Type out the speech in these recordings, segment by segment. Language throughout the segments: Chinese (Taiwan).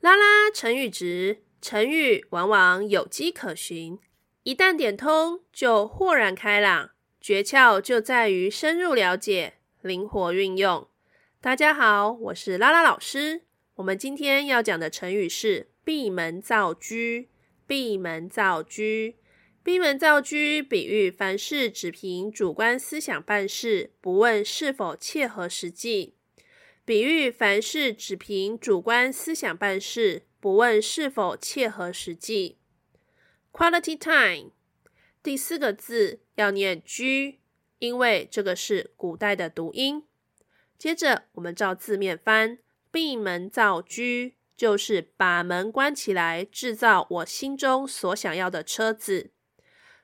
拉拉成語值，成語往往有跡可循，一旦點通就豁然開朗。訣竅就在於深入了解，靈活運用。大家好，我是拉拉老師。我們今天要講的成語是“閉門造車”。閉門造車。閉門造車，比喻凡事只憑主觀思想辦事，不問是否切合實際。比喻凡事只憑主觀思想辦事，不問是否切合實際。Quality time，第四個字要念“居”，因為這個是古代的讀音。接着我們照字面翻，“閉門造車”就是把門關起來，制造我心中所想要的車子。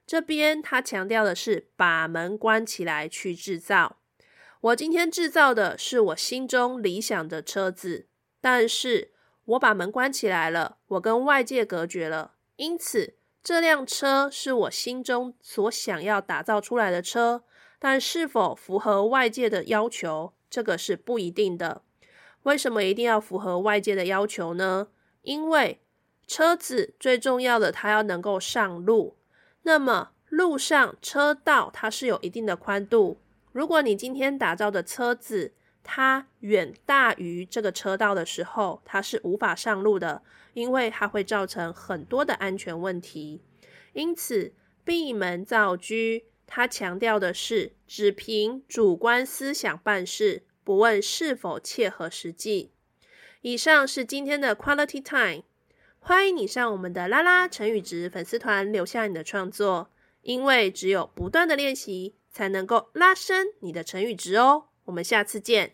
這邊他強調的是把門關起來去製造。我今天製造的是我心中理想的車子，但是我把門關起來了，我跟外界隔絕了。因此，這輛車是我心中所想要打造出來的車，但是否符合外界的要求，這個是不一定的。為什麼一定要符合外界的要求呢？因為車子最重要的，它要能夠上路。那麼，路上車道它是有一定的寬度。如果你今天打造的車子，它遠大於這個車道的時候，它是無法上路的，因為它會造成很多的安全問題。因此，閉門造車，它強調的是只憑主觀思想辦事，不問是否切合實際。以上是今天的 Quality Time。歡迎你上我們的拉拉成語質粉絲團留下你的創作，因為只有不斷的練習，才能夠拉升你的成語質哦。我們下次見。